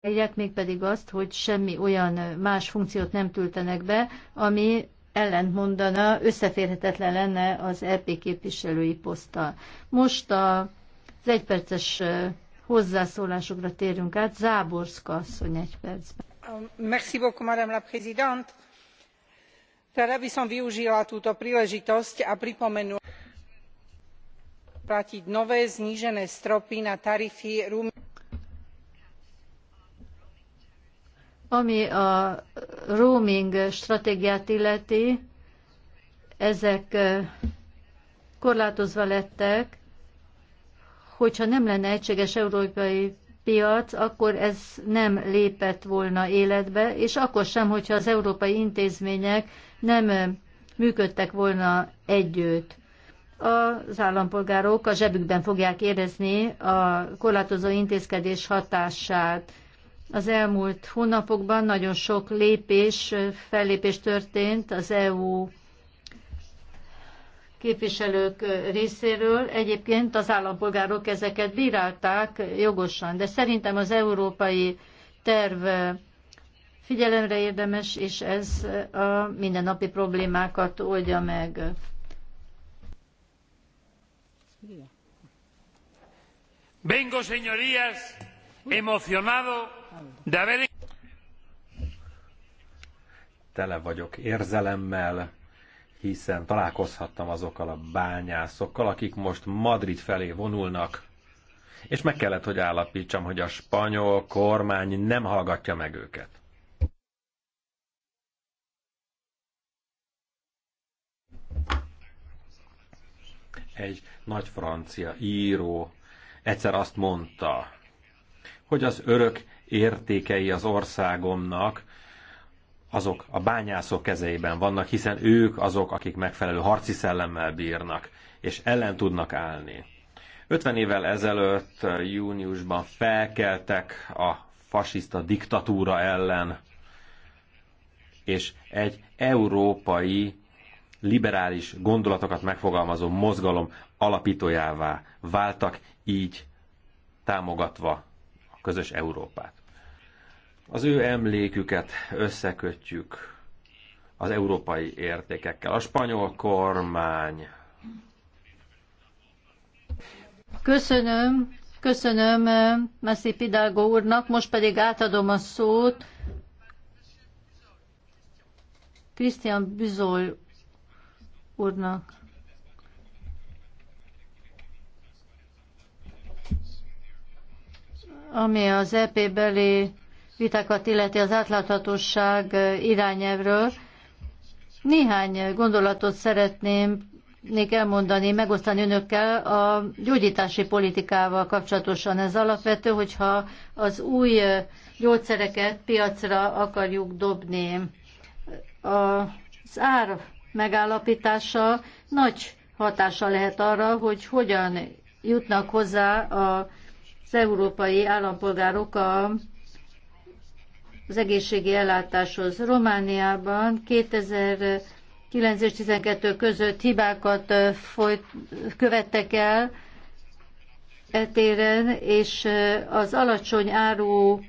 Egyet még pedig azt, hogy semmi olyan más funkciót nem tültenek be, ami ellentmondana, összeférhetetlen lenne az EP képviselői poszttal. Most a, az egyperces hozzászólásokra térünk át. Záborszka asszony egy percben. Um, merci beaucoup, madame la présidente. Rada by som využila túto príležitosť a pripomenula platiť nové znížené stropy na tarify Rumi- Ami a roaming stratégiát illeti, ezek korlátozva lettek, hogyha nem lenne egységes európai piac, akkor ez nem lépett volna életbe, és akkor sem, hogyha az európai intézmények nem működtek volna együtt. Az állampolgárok a zsebükben fogják érezni a korlátozó intézkedés hatását. Az elmúlt hónapokban nagyon sok lépés, fellépés történt az EU képviselők részéről. Egyébként az állampolgárok ezeket bírálták jogosan, de szerintem az európai terv figyelemre érdemes, és ez a mindennapi problémákat oldja meg. Vengo, señorías, emocionado de Tele vagyok érzelemmel, hiszen találkozhattam azokkal a bányászokkal, akik most Madrid felé vonulnak, és meg kellett, hogy állapítsam, hogy a spanyol kormány nem hallgatja meg őket. Egy nagy francia író egyszer azt mondta, hogy az örök értékei az országomnak, azok a bányászok kezeiben vannak, hiszen ők azok, akik megfelelő harci szellemmel bírnak, és ellen tudnak állni. 50 évvel ezelőtt, júniusban felkeltek a fasiszta diktatúra ellen, és egy európai liberális gondolatokat megfogalmazó mozgalom alapítójává váltak, így támogatva a közös Európát. Az ő emléküket összekötjük az európai értékekkel. A spanyol kormány. Köszönöm, köszönöm eh, Messi Pidalgo úrnak, most pedig átadom a szót Krisztián Büzol úrnak. Ami az EP beli vitákat illeti az átláthatóság irányelvről, néhány gondolatot szeretném még elmondani, megosztani önökkel a gyógyítási politikával kapcsolatosan. Ez alapvető, hogyha az új gyógyszereket piacra akarjuk dobni. Az ár megállapítása nagy hatása lehet arra, hogy hogyan jutnak hozzá az európai állampolgárok a az egészségi ellátáshoz. Romániában 2009 és 12 között hibákat folyt, követtek el etéren, és az alacsony áru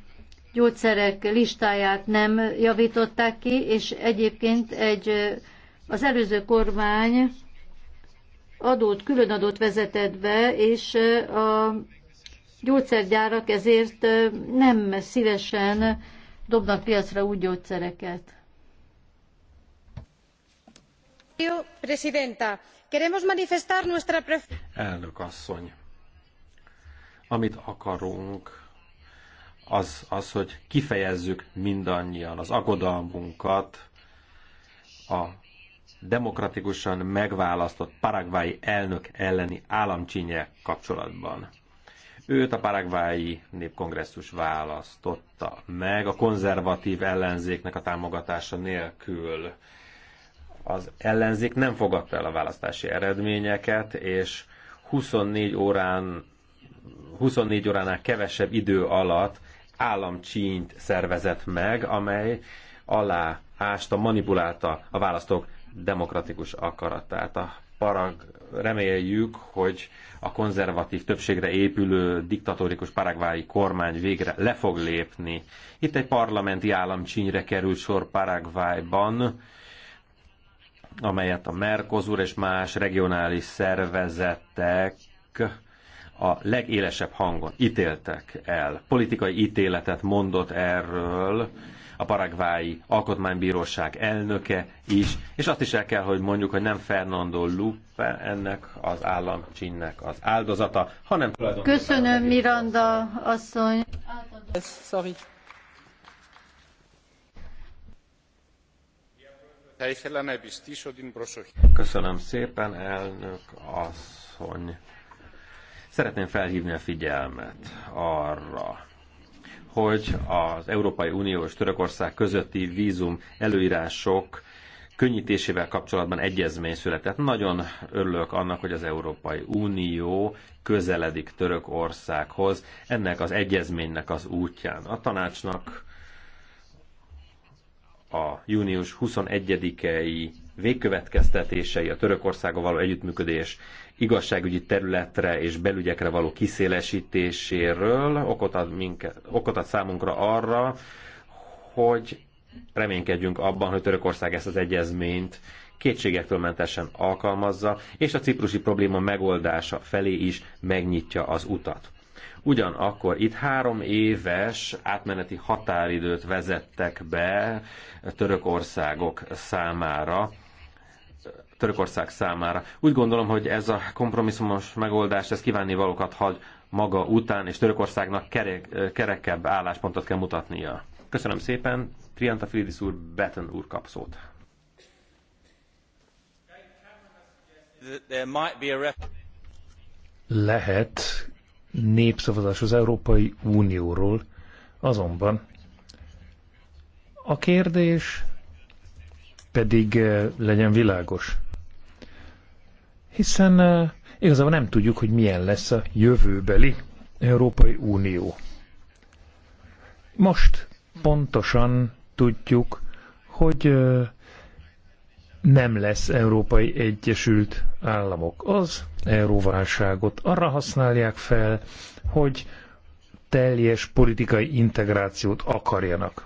gyógyszerek listáját nem javították ki, és egyébként egy, az előző kormány adót, külön adót vezetett be, és a gyógyszergyárak ezért nem szívesen dobnak piacra új gyógyszereket. Elnök asszony, amit akarunk, az, az, hogy kifejezzük mindannyian az aggodalmunkat a demokratikusan megválasztott Paraguayi elnök elleni államcsínye kapcsolatban. Őt a paragvái népkongresszus választotta meg a konzervatív ellenzéknek a támogatása nélkül. Az ellenzék nem fogadta el a választási eredményeket, és 24 órán 24 óránál kevesebb idő alatt államcsínyt szervezett meg, amely alá ásta, manipulálta a választók demokratikus akaratát. A parag, reméljük, hogy a konzervatív többségre épülő diktatórikus paragvái kormány végre le fog lépni. Itt egy parlamenti államcsínyre került sor Paragvájban, amelyet a Mercosur és más regionális szervezetek a legélesebb hangon ítéltek el. Politikai ítéletet mondott erről a Paraguayi alkotmánybíróság elnöke is, és azt is el kell, hogy mondjuk, hogy nem Fernando Lupe ennek az államcsinnek az áldozata, hanem Köszönöm, Miranda asszony. Yes, sorry. Köszönöm szépen, elnök asszony. Szeretném felhívni a figyelmet arra, hogy az Európai Unió és Törökország közötti vízum előírások könnyítésével kapcsolatban egyezmény született. Nagyon örülök annak, hogy az Európai Unió közeledik Törökországhoz ennek az egyezménynek az útján. A tanácsnak a június 21-i végkövetkeztetései, a Törökországgal való együttműködés igazságügyi területre és belügyekre való kiszélesítéséről okot ad, minket, okot ad számunkra arra, hogy reménykedjünk abban, hogy Törökország ezt az egyezményt kétségektől mentesen alkalmazza, és a ciprusi probléma megoldása felé is megnyitja az utat. Ugyanakkor itt három éves átmeneti határidőt vezettek be Törökországok számára, Törökország számára. Úgy gondolom, hogy ez a kompromisszumos megoldás, ez kívánni valókat hagy maga után, és Törökországnak kerek, kerekebb álláspontot kell mutatnia. Köszönöm szépen, Trianta Filidis úr, Betten úr kap szót. Lehet népszavazás az Európai Unióról, azonban a kérdés pedig eh, legyen világos. Hiszen eh, igazából nem tudjuk, hogy milyen lesz a jövőbeli Európai Unió. Most pontosan tudjuk, hogy eh, nem lesz Európai Egyesült Államok. Az euróválságot arra használják fel, hogy teljes politikai integrációt akarjanak.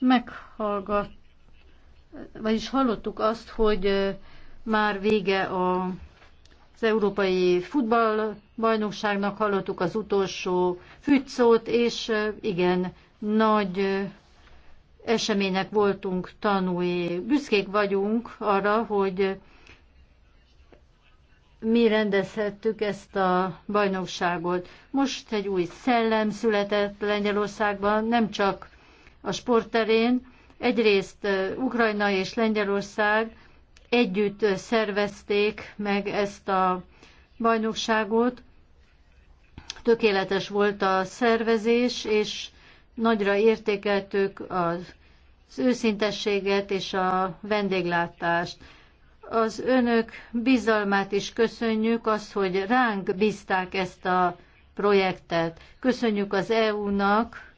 meghallgat, vagyis hallottuk azt, hogy már vége a, az európai futballbajnokságnak, hallottuk az utolsó fügyszót, és igen, nagy eseménynek voltunk tanúi. Büszkék vagyunk arra, hogy mi rendezhettük ezt a bajnokságot. Most egy új szellem született Lengyelországban, nem csak a sportterén. Egyrészt Ukrajna és Lengyelország együtt szervezték meg ezt a bajnokságot. Tökéletes volt a szervezés, és nagyra értékeltük az őszintességet és a vendéglátást. Az önök bizalmát is köszönjük, az, hogy ránk bízták ezt a projektet. Köszönjük az EU-nak,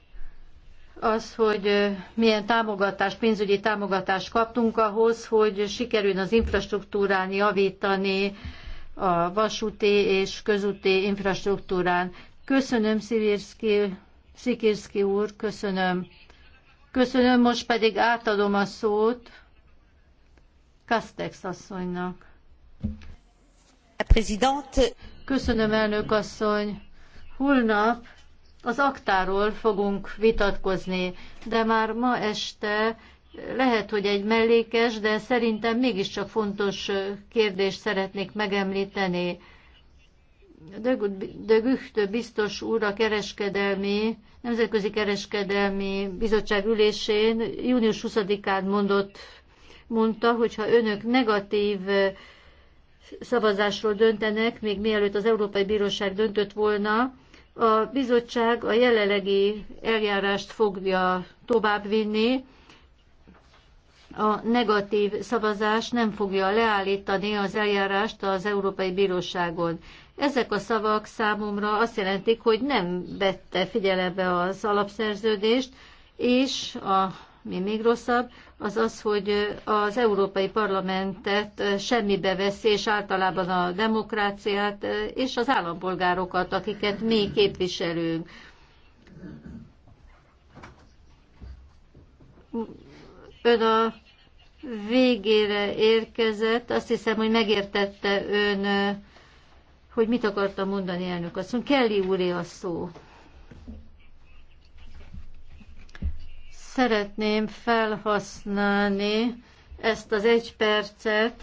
az, hogy milyen támogatást, pénzügyi támogatást kaptunk ahhoz, hogy sikerüljön az infrastruktúrán javítani, a vasúti és közúti infrastruktúrán. Köszönöm Szivírszki, Szikirszki úr, köszönöm. Köszönöm, most pedig átadom a szót Kastex asszonynak. Köszönöm, elnök asszony. Holnap az aktáról fogunk vitatkozni, de már ma este lehet, hogy egy mellékes, de szerintem mégiscsak fontos kérdést szeretnék megemlíteni. De Güchtő biztos úr a kereskedelmi, Nemzetközi Kereskedelmi Bizottság ülésén június 20-án mondott, mondta, hogy ha önök negatív szavazásról döntenek, még mielőtt az Európai Bíróság döntött volna, a bizottság a jelenlegi eljárást fogja továbbvinni, a negatív szavazás nem fogja leállítani az eljárást az Európai Bíróságon. Ezek a szavak számomra azt jelentik, hogy nem vette figyelembe az alapszerződést, és a ami még rosszabb, az az, hogy az Európai Parlamentet semmibe veszi, és általában a demokráciát és az állampolgárokat, akiket mi képviselünk. Ön a végére érkezett, azt hiszem, hogy megértette ön, hogy mit akarta mondani elnök asszony. Kelly úré a szó. Szeretném felhasználni ezt az egy percet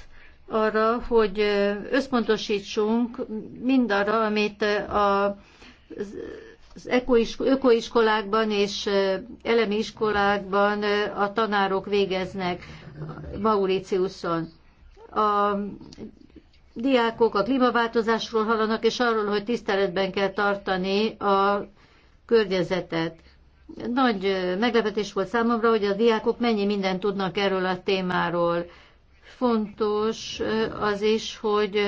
arra, hogy összpontosítsunk mindarra, amit a az ökoiskolákban és elemi iskolákban a tanárok végeznek Mauritiuson. A diákok a klímaváltozásról hallanak, és arról, hogy tiszteletben kell tartani a környezetet. Nagy meglepetés volt számomra, hogy a diákok mennyi mindent tudnak erről a témáról. Fontos az is, hogy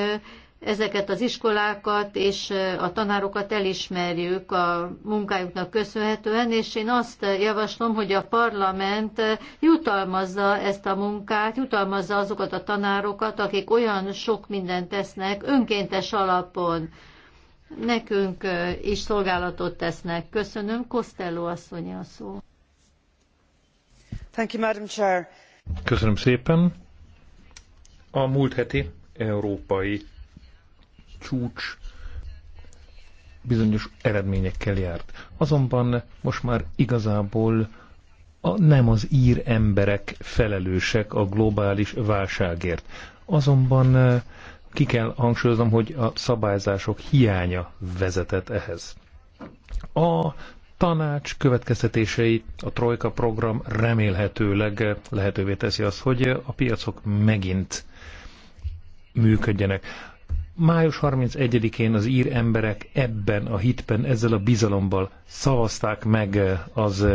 ezeket az iskolákat és a tanárokat elismerjük a munkájuknak köszönhetően, és én azt javaslom, hogy a parlament jutalmazza ezt a munkát, jutalmazza azokat a tanárokat, akik olyan sok mindent tesznek önkéntes alapon nekünk is szolgálatot tesznek. Köszönöm. Costello asszony a szó. Thank you, Madam Chair. Köszönöm szépen. A múlt heti európai csúcs bizonyos eredményekkel járt. Azonban most már igazából a, nem az ír emberek felelősek a globális válságért. Azonban ki kell hangsúlyoznom, hogy a szabályzások hiánya vezetett ehhez. A tanács következtetései a Trojka program remélhetőleg lehetővé teszi azt, hogy a piacok megint működjenek. Május 31-én az ír emberek ebben a hitben, ezzel a bizalommal szavazták meg az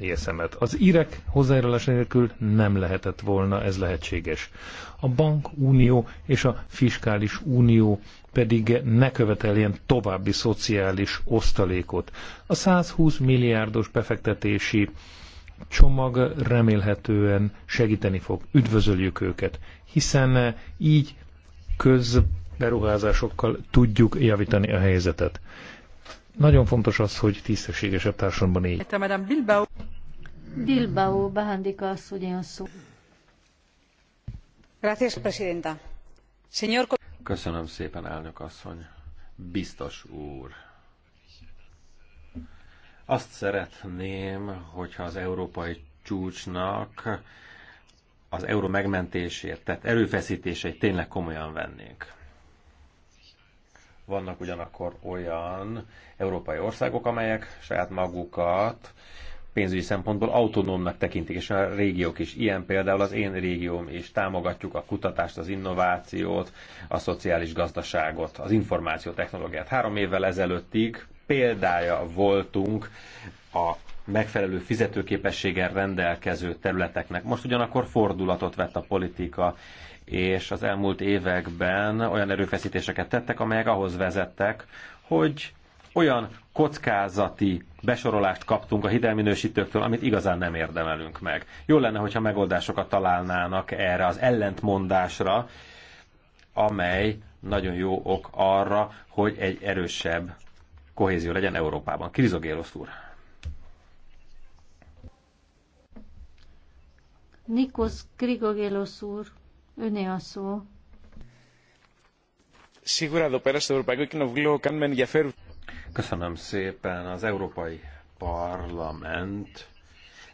ESM-et. Az írek hozzájárulás nélkül nem lehetett volna ez lehetséges. A bankunió és a fiskális unió pedig ne követeljen további szociális osztalékot. A 120 milliárdos befektetési csomag remélhetően segíteni fog. Üdvözöljük őket, hiszen így közberuházásokkal tudjuk javítani a helyzetet. Nagyon fontos az, hogy tisztességesebb társadalomban éljünk presidenta. Señor... Köszönöm szépen, elnök asszony. Biztos úr. Azt szeretném, hogyha az európai csúcsnak az euró megmentésért, tehát erőfeszítéseit tényleg komolyan vennénk. Vannak ugyanakkor olyan európai országok, amelyek saját magukat pénzügyi szempontból autonómnak tekintik, és a régiók is. Ilyen például az én régióm is. Támogatjuk a kutatást, az innovációt, a szociális gazdaságot, az információ technológiát. Három évvel ezelőttig példája voltunk a megfelelő fizetőképességgel rendelkező területeknek. Most ugyanakkor fordulatot vett a politika, és az elmúlt években olyan erőfeszítéseket tettek, amelyek ahhoz vezettek, hogy olyan kockázati besorolást kaptunk a hitelminősítőktől, amit igazán nem érdemelünk meg. Jó lenne, hogyha megoldásokat találnának erre az ellentmondásra, amely nagyon jó ok arra, hogy egy erősebb kohézió legyen Európában. Krizogélosz úr. Nikos Krigogélos úr, öné a szó. Σίγουρα εδώ πέρα στο Ευρωπαϊκό Κοινοβούλιο κάνουμε ενδιαφέρον. Köszönöm szépen. Az Európai Parlament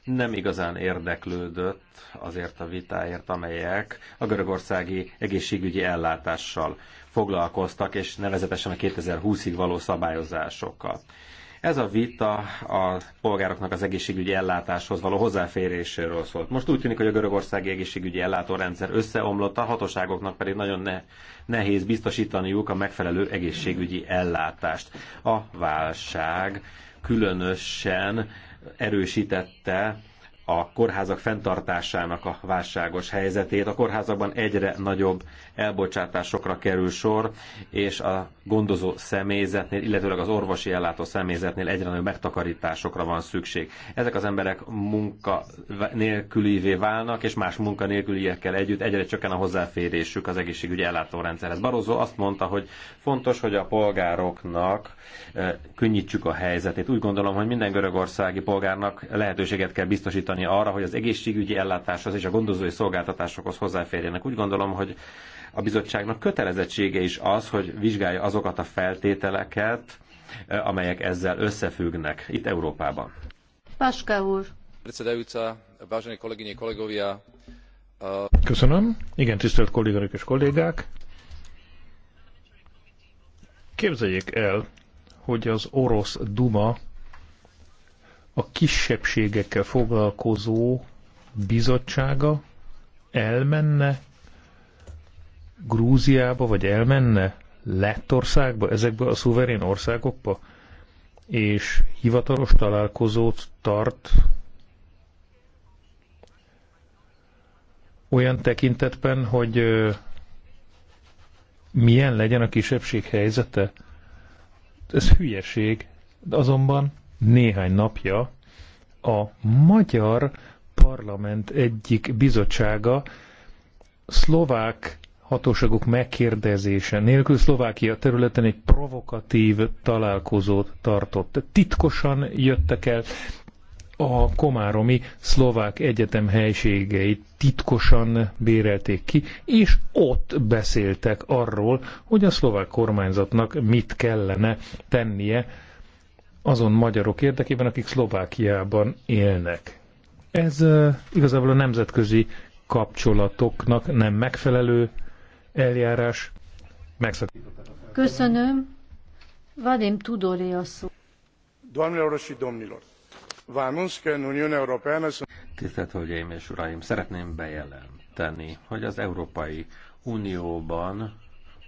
nem igazán érdeklődött azért a vitáért, amelyek a görögországi egészségügyi ellátással foglalkoztak, és nevezetesen a 2020-ig való szabályozásokkal. Ez a vita a polgároknak az egészségügyi ellátáshoz való hozzáféréséről szólt. Most úgy tűnik, hogy a görögországi egészségügyi ellátórendszer összeomlott, a hatóságoknak pedig nagyon ne, nehéz biztosítaniuk a megfelelő egészségügyi ellátást. A válság különösen erősítette a kórházak fenntartásának a válságos helyzetét. A kórházakban egyre nagyobb elbocsátásokra kerül sor, és a gondozó személyzetnél, illetőleg az orvosi ellátó személyzetnél egyre nagyobb megtakarításokra van szükség. Ezek az emberek munka nélkülivé válnak, és más munkanélküliekkel együtt egyre csökken a hozzáférésük az egészségügyi ellátórendszerhez. Barozó azt mondta, hogy fontos, hogy a polgároknak eh, könnyítsük a helyzetét. Úgy gondolom, hogy minden görögországi polgárnak lehetőséget kell biztosítani biztosítani arra, hogy az egészségügyi ellátáshoz és a gondozói szolgáltatásokhoz hozzáférjenek. Úgy gondolom, hogy a bizottságnak kötelezettsége is az, hogy vizsgálja azokat a feltételeket, eh, amelyek ezzel összefüggnek itt Európában. Paska úr. Köszönöm. Igen, tisztelt kolléganők és kollégák. Képzeljék el, hogy az orosz Duma a kisebbségekkel foglalkozó bizottsága elmenne Grúziába, vagy elmenne Lettországba, ezekbe a szuverén országokba, és hivatalos találkozót tart olyan tekintetben, hogy milyen legyen a kisebbség helyzete. Ez hülyeség, de azonban néhány napja a magyar parlament egyik bizottsága szlovák hatóságok megkérdezése nélkül Szlovákia területen egy provokatív találkozót tartott. Titkosan jöttek el a Komáromi Szlovák Egyetem helységeit titkosan bérelték ki, és ott beszéltek arról, hogy a szlovák kormányzatnak mit kellene tennie azon magyarok érdekében, akik Szlovákiában élnek. Ez igazából a nemzetközi kapcsolatoknak nem megfelelő eljárás. Köszönöm. Vadim Tudori a szó. Tisztelt Hölgyeim és Uraim, szeretném bejelenteni, hogy az Európai Unióban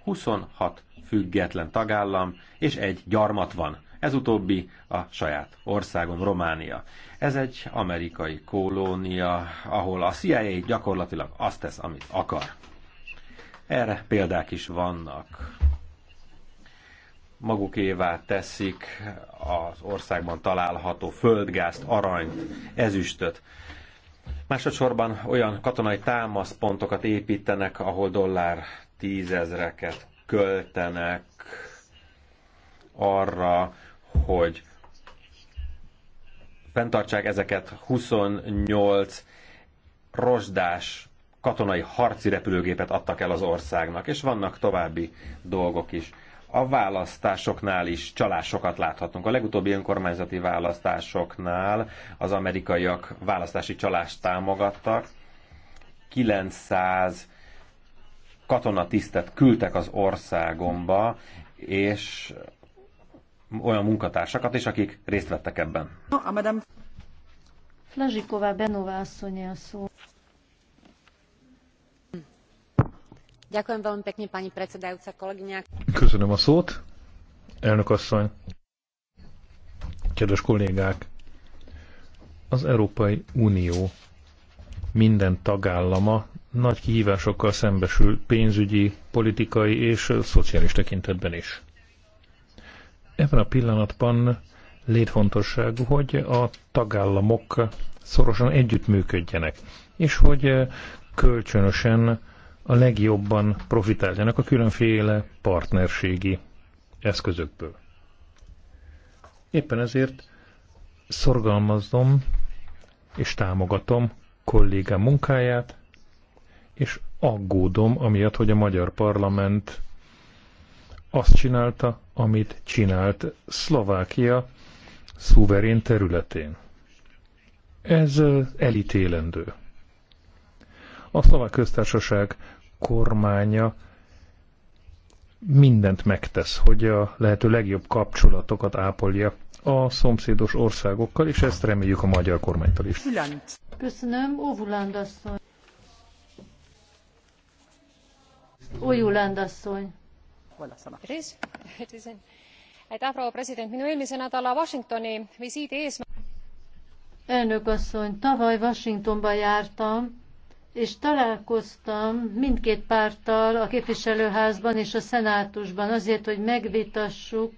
26 független tagállam és egy gyarmat van. Ez utóbbi a saját országom, Románia. Ez egy amerikai kolónia, ahol a CIA gyakorlatilag azt tesz, amit akar. Erre példák is vannak. Magukévá teszik az országban található földgázt, aranyt, ezüstöt. Másodszorban olyan katonai támaszpontokat építenek, ahol dollár tízezreket költenek arra, hogy fenntartsák ezeket 28 rozsdás katonai harci repülőgépet adtak el az országnak, és vannak további dolgok is. A választásoknál is csalásokat láthatunk. A legutóbbi önkormányzati választásoknál az amerikaiak választási csalást támogattak. 900 katonatisztet küldtek az országomba, és olyan munkatársakat is, akik részt vettek ebben. A madame... Flazsiková Benová asszony a szó. Köszönöm a szót, elnök asszony. Kedves kollégák, az Európai Unió minden tagállama nagy kihívásokkal szembesül pénzügyi, politikai és szociális tekintetben is. Ebben a pillanatban létfontosságú, hogy a tagállamok szorosan együttműködjenek, és hogy eh, kölcsönösen a legjobban profitáljanak a különféle partnerségi eszközökből. Éppen ezért szorgalmazom és támogatom kollégám munkáját, és aggódom amiatt, hogy a magyar parlament azt csinálta, amit csinált Szlovákia szuverén területén. Ez elítélendő. A szlovák köztársaság kormánya mindent megtesz, hogy a lehető legjobb kapcsolatokat ápolja a szomszédos országokkal, és ezt reméljük a magyar kormánytól is. Köszönöm, Óvulánd asszony. Ójulánd asszony proua president minu eelmise nädala washingtoni visiidi eesmärk. elnök asszony tavaly washingtonba jártam és találkoztam mindkét párttal a képviselőházban és a szenátusban azért hogy megvitassuk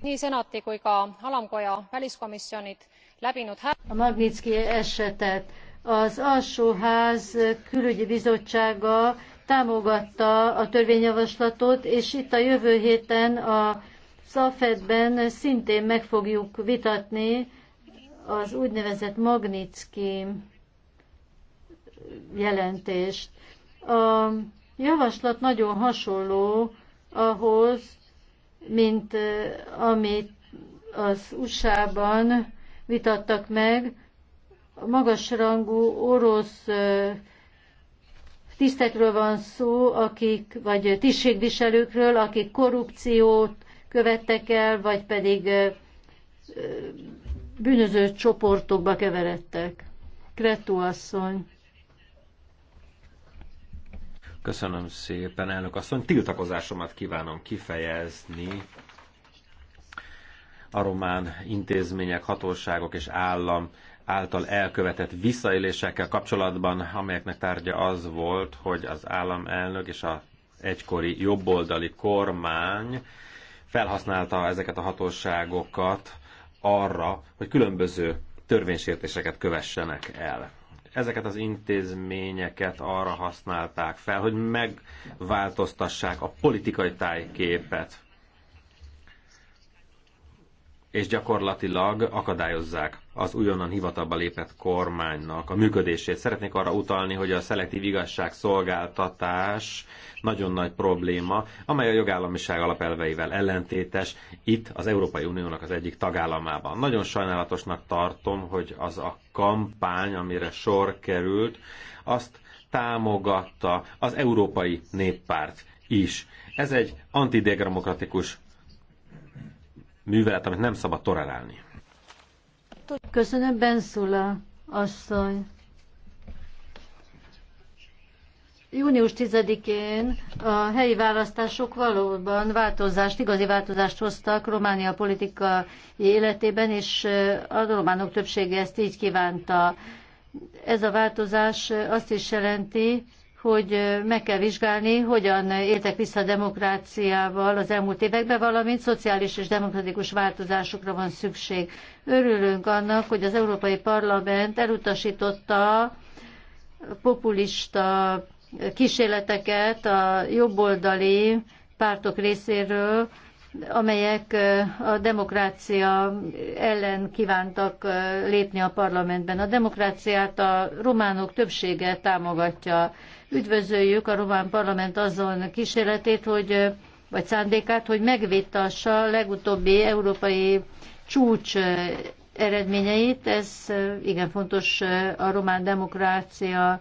nii senati kui ka alamkoja väliskomisjonid läbinud a magnitski esetet az alsóház külügyi bizottsága támogatta a törvényjavaslatot, és itt a jövő héten a Szafedben szintén meg fogjuk vitatni az úgynevezett Magnitsky jelentést. A javaslat nagyon hasonló ahhoz, mint amit az USA-ban vitattak meg, magasrangú orosz tisztekről van szó, akik, vagy tisztségviselőkről, akik korrupciót követtek el, vagy pedig bűnöző csoportokba keveredtek. Kretó asszony. Köszönöm szépen, elnök asszony. Tiltakozásomat kívánom kifejezni a román intézmények, hatóságok és állam által elkövetett visszaélésekkel kapcsolatban, amelyeknek tárgya az volt, hogy az államelnök és a egykori jobboldali kormány felhasználta ezeket a hatóságokat arra, hogy különböző törvénysértéseket kövessenek el. Ezeket az intézményeket arra használták fel, hogy megváltoztassák a politikai tájképet, és gyakorlatilag akadályozzák az újonnan hivatalba lépett kormánynak a működését. Szeretnék arra utalni, hogy a szelektív igazságszolgáltatás nagyon nagy probléma, amely a jogállamiság alapelveivel ellentétes itt az Európai Uniónak az egyik tagállamában. Nagyon sajnálatosnak tartom, hogy az a kampány, amire sor került, azt támogatta az Európai Néppárt is. Ez egy antidemokratikus művelet, amit nem szabad tolerálni. Köszönöm, Benszula asszony. Június 10-én a helyi választások valóban változást, igazi változást hoztak Románia politika életében, és a románok többsége ezt így kívánta. Ez a változás azt is jelenti, hogy meg kell vizsgálni, hogyan éltek vissza a demokráciával az elmúlt években, valamint szociális és demokratikus változásokra van szükség. Örülünk annak, hogy az Európai Parlament elutasította populista kísérleteket a jobboldali pártok részéről, amelyek a demokrácia ellen kívántak lépni a parlamentben. A demokráciát a románok többsége támogatja. Üdvözöljük a román parlament azon kísérletét, hogy, vagy szándékát, hogy megvitassa a legutóbbi európai csúcs eredményeit. Ez igen fontos a román demokrácia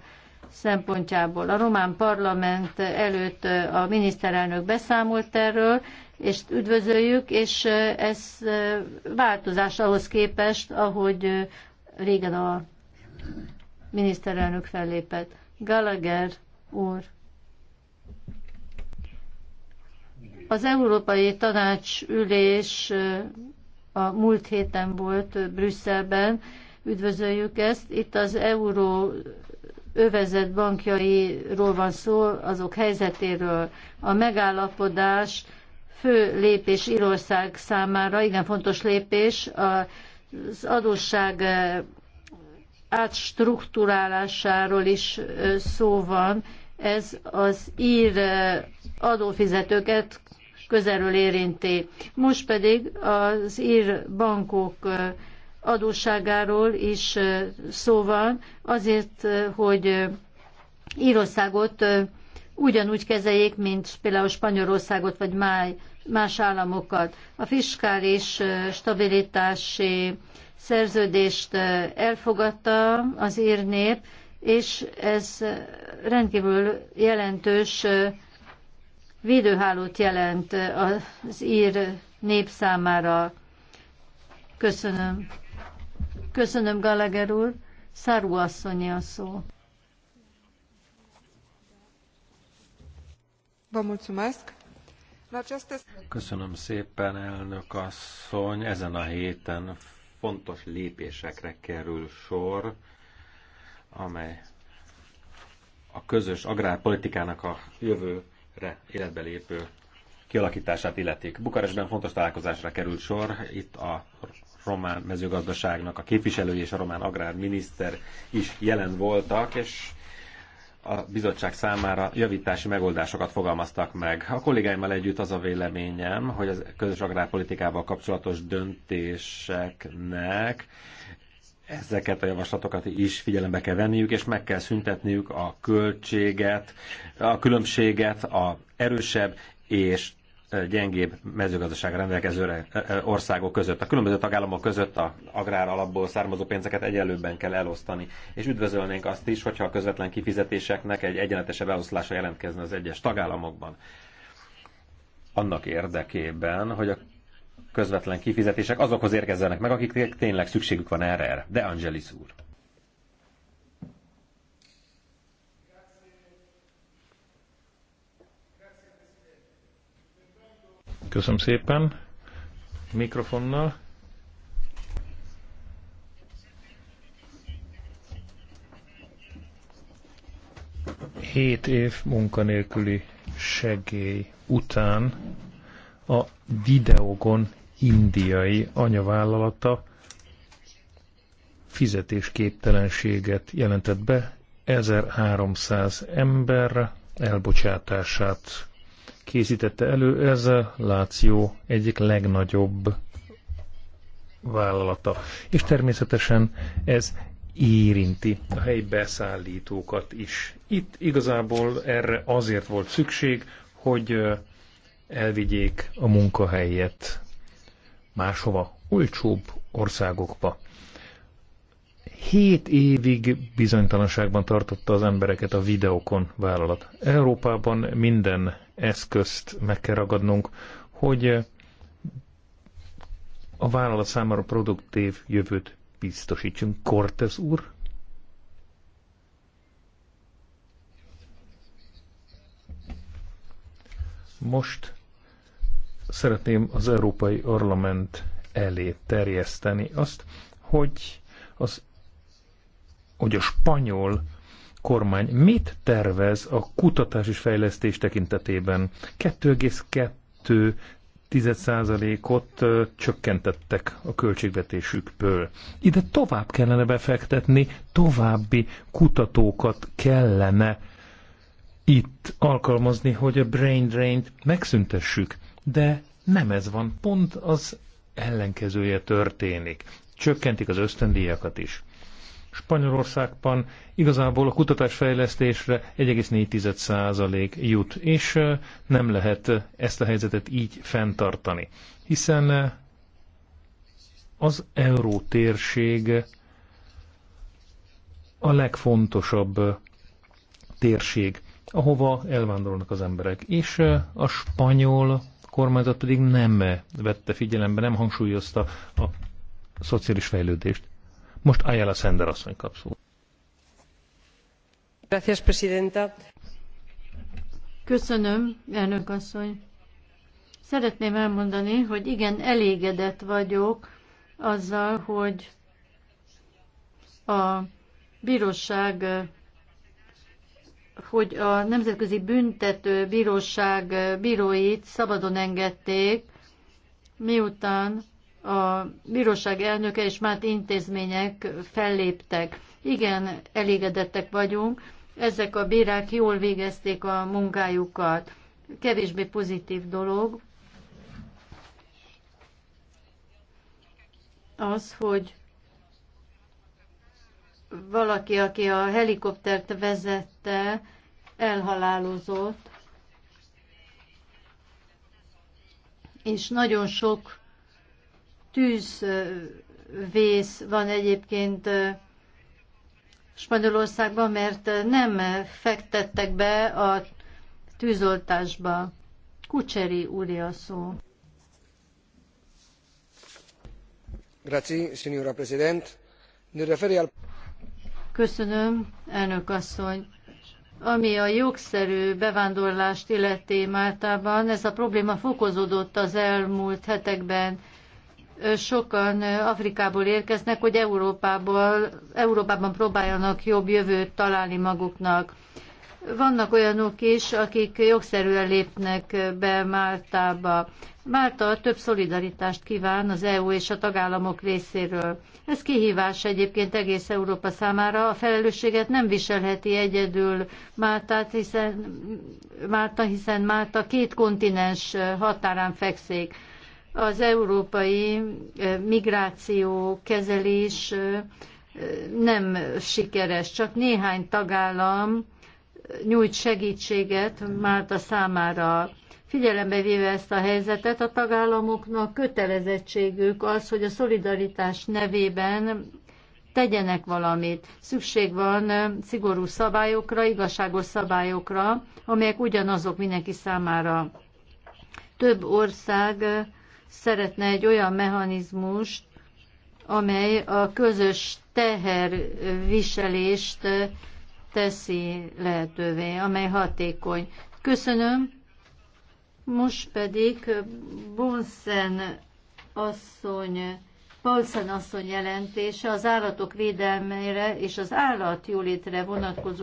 szempontjából. A román parlament előtt a miniszterelnök beszámolt erről, és üdvözöljük, és ez változás ahhoz képest, ahogy régen a miniszterelnök fellépett. Gallagher úr. Az Európai Tanács ülés a múlt héten volt Brüsszelben, üdvözöljük ezt. Itt az euró övezet bankjairól van szó, azok helyzetéről. A megállapodás fő lépés Írország számára, igen fontos lépés, az adósság átstruktúrálásáról is szó van. Ez az ír adófizetőket közelről érinti. Most pedig az ír bankok adósságáról is szó van, azért, hogy Írországot ugyanúgy kezeljék, mint például Spanyolországot vagy más államokat. A fiskális stabilitási szerződést elfogadta az írnép, és ez rendkívül jelentős védőhálót jelent az ír nép számára. Köszönöm. Köszönöm, Gallagher úr. Szárú asszonyi a szó. Köszönöm szépen, elnök asszony. Ezen a héten fontos lépésekre kerül sor, amely a közös agrárpolitikának a jövőre életbe lépő kialakítását illetik. Bukarestben fontos találkozásra került sor, itt a román mezőgazdaságnak a képviselői és a román agrárminiszter is jelen voltak, és a bizottság számára javítási megoldásokat fogalmaztak meg. A kollégáimmal együtt az a véleményem, hogy az közös agrárpolitikával kapcsolatos döntéseknek ezeket a javaslatokat is figyelembe kell venniük, és meg kell szüntetniük a költséget, a különbséget a erősebb és gyengébb mezőgazdaság rendelkező országok között, a különböző tagállamok között a agrár alapból származó pénzeket egyelőbben kell elosztani. És üdvözölnénk azt is, hogyha a közvetlen kifizetéseknek egy egyenletesebb eloszlása jelentkezne az egyes tagállamokban. Annak érdekében, hogy a közvetlen kifizetések azokhoz érkezzenek meg, akiknek tényleg szükségük van erre. De Angelis úr. Köszönöm szépen. Mikrofonnal. Hét év munkanélküli segély után a Videogon indiai anyavállalata fizetésképtelenséget jelentett be, 1300 ember elbocsátását készítette elő, ez Láció egyik legnagyobb vállalata. És természetesen ez érinti a helyi beszállítókat is. Itt igazából erre azért volt szükség, hogy elvigyék a munkahelyet máshova, olcsóbb országokba. Hét évig bizonytalanságban tartotta az embereket a videokon vállalat. Európában minden eszközt meg kell ragadnunk, hogy eh, a vállalat számára produktív jövőt biztosítsunk. Kortez úr? Most szeretném az Európai Parlament elé terjeszteni azt, hogy, az, hogy a spanyol kormány mit tervez a kutatás és fejlesztés tekintetében? 2,2 10%-ot csökkentettek a költségvetésükből. Ide tovább kellene befektetni, további kutatókat kellene itt alkalmazni, hogy a brain drain-t megszüntessük, de nem ez van, pont az ellenkezője történik. Csökkentik az ösztöndíjakat is. Spanyolországban igazából a kutatásfejlesztésre 1,4% jut, és nem lehet ezt a helyzetet így fenntartani, hiszen az eurótérség a legfontosabb térség, ahova elvándorolnak az emberek, és a spanyol kormányzat pedig nem vette figyelembe, nem hangsúlyozta a szociális fejlődést. Most Ayala Sender asszony kap szó. Köszönöm, elnök asszony. Szeretném elmondani, hogy igen, elégedett vagyok azzal, hogy a bíróság, hogy a Nemzetközi Büntető Bíróság bíróit szabadon engedték, miután a bíróság elnöke és már intézmények felléptek. Igen, elégedettek vagyunk. Ezek a bírák jól végezték a munkájukat. Kevésbé pozitív dolog az, hogy valaki, aki a helikoptert vezette, elhalálozott, és nagyon sok tűzvész van egyébként Spanyolországban, mert nem fektettek be a tűzoltásba. Kucseri úri a szó. Köszönöm, elnök asszony. Ami a jogszerű bevándorlást illeti Máltában, ez a probléma fokozódott az elmúlt hetekben sokan Afrikából érkeznek, hogy Európából, Európában próbáljanak jobb jövőt találni maguknak. Vannak olyanok is, akik jogszerűen lépnek be Máltába. Málta több szolidaritást kíván az EU és a tagállamok részéről. Ez kihívás egyébként egész Európa számára. A felelősséget nem viselheti egyedül Máltát, hiszen, Málta, hiszen Málta két kontinens határán fekszik az európai migráció kezelés nem sikeres, csak néhány tagállam nyújt segítséget Málta számára. Figyelembe véve ezt a helyzetet, a tagállamoknak kötelezettségük az, hogy a szolidaritás nevében tegyenek valamit. Szükség van szigorú szabályokra, igazságos szabályokra, amelyek ugyanazok mindenki számára. Több ország szeretne egy olyan mechanizmust, amely a közös teherviselést teszi lehetővé, amely hatékony. Köszönöm. Most pedig Bonsen asszony, Paulsen asszony jelentése az állatok védelmére és az állatjólétre vonatkozó